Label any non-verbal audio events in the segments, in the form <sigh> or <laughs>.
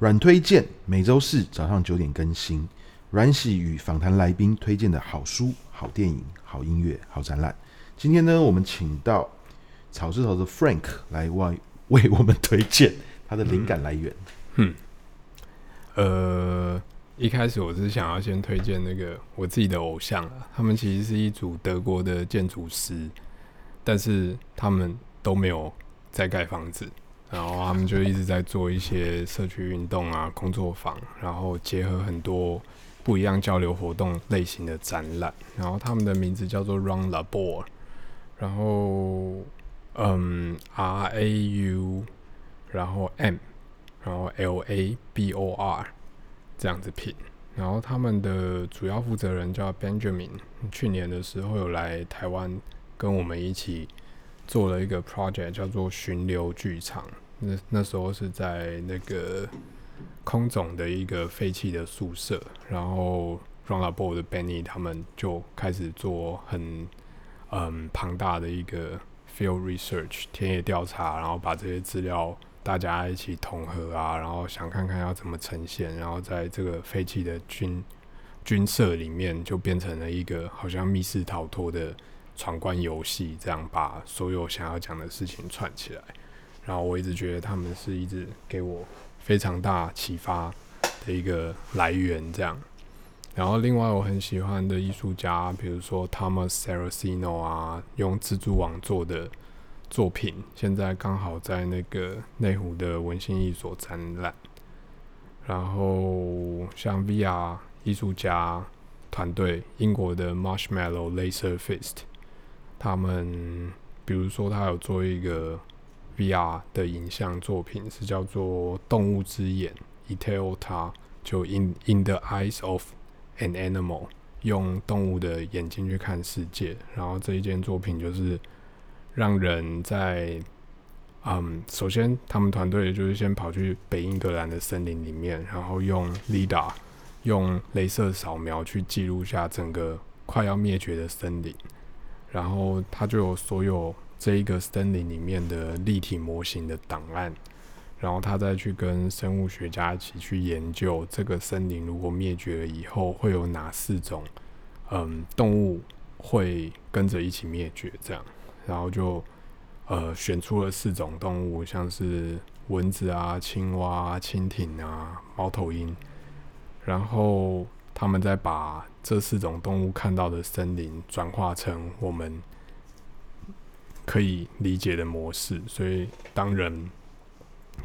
阮推薦每週四早上九點更新。阮璽與訪談來賓推薦的好書、好電影、好音樂、好展覽。今天呢，我們請到草字頭的 Frank 來為為我們推薦。他的靈感來源嗯，嗯，呃，一開始我是想要先推薦那個我自己的偶像，他們其實是一組德國的建築師，但是他們都沒有在蓋房子，然後他們就一直在做一些社區運動啊、 <laughs> 工作坊，然後結合很多不一樣交流活動類型的展覽。然後他們的名字叫做 Raumlabor 然後嗯，R A U。RAU 然後 M，然後 LABOR 這樣子拼，然後他們的主要負責人叫 Benjamin，去年的時候有來台灣跟我們一起做了一個 project，叫做巡流劇場。那那時候是在那個空總的一個廢棄的宿舍，然後 Raumlabor 的 Benny 他們就開始做很嗯龐大的一個 field research 田野調查，然後把這些資料。大家一起統合啊，然後想看看要怎麼呈現，然後在這個廢棄的軍軍舍裡面，就變成了一個好像密室逃脫的闖關遊戲，這樣把所有想要講的事情串起來。然後我一直覺得他們是一直給我非常大啟發的一個來源。這樣，然後另外我很喜歡的藝術家，比如說 Tomás Saraceno 啊，用蜘蛛網做的。作品現在剛好在那個內湖的文心藝所展覽。然後像 VR 藝術家團隊，英國的 Marshmallow Laser Feast，他們比如說他有做一個 VR 的影像作品，是叫做《動物之眼》，Italta，就 In In the Eyes of an Animal，用動物的眼睛去看世界。然後這一件作品就是。讓人在，嗯，首先他們團隊就是先跑去北英格蘭的森林裡面，然後用 LiDAR 用鐳射掃描去記錄下整個快要滅絕的森林，然後他就有所有這一個森林裡面的立體模型的檔案，然後他再去跟生物學家一起去研究這個森林如果滅絕了以後會有哪四種，嗯，動物會跟着一起滅絕這樣。然後就，呃，選出了四種動物，像是蚊子啊、青蛙啊、蜻蜓啊、貓頭鷹。然後他們再把這四種動物看到的森林轉化成我們可以理解的模式。所以當人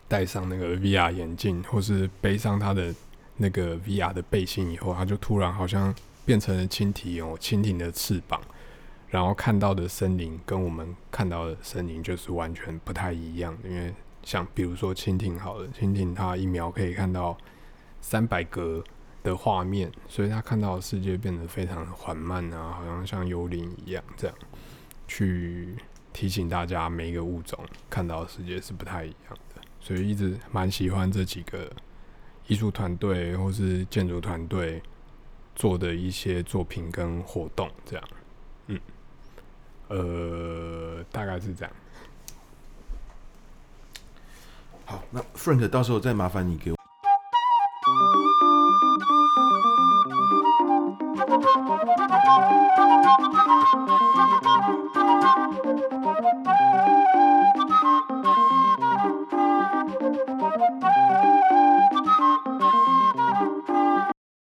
戴上那個 VR 眼鏡，或是背上他的那個 VR 的背心以後，他就突然好像變成了蜻蜓哦，蜻蜓的翅膀。然後看到的森林跟我們看到的森林就是完全不太一樣，因為像比如說蜻蜓好了，蜻蜓它一秒可以看到三百格的畫面，所以它看到的世界變得非常的緩慢啊，好像像幽靈一樣這樣。去提醒大家，每一個物種看到的世界是不太一樣的，所以一直蠻喜歡這幾個藝術團隊或是建築團隊做的一些作品跟活動這樣，嗯。呃，大概是這樣。好，那 Frank 到時候再麻煩你給我。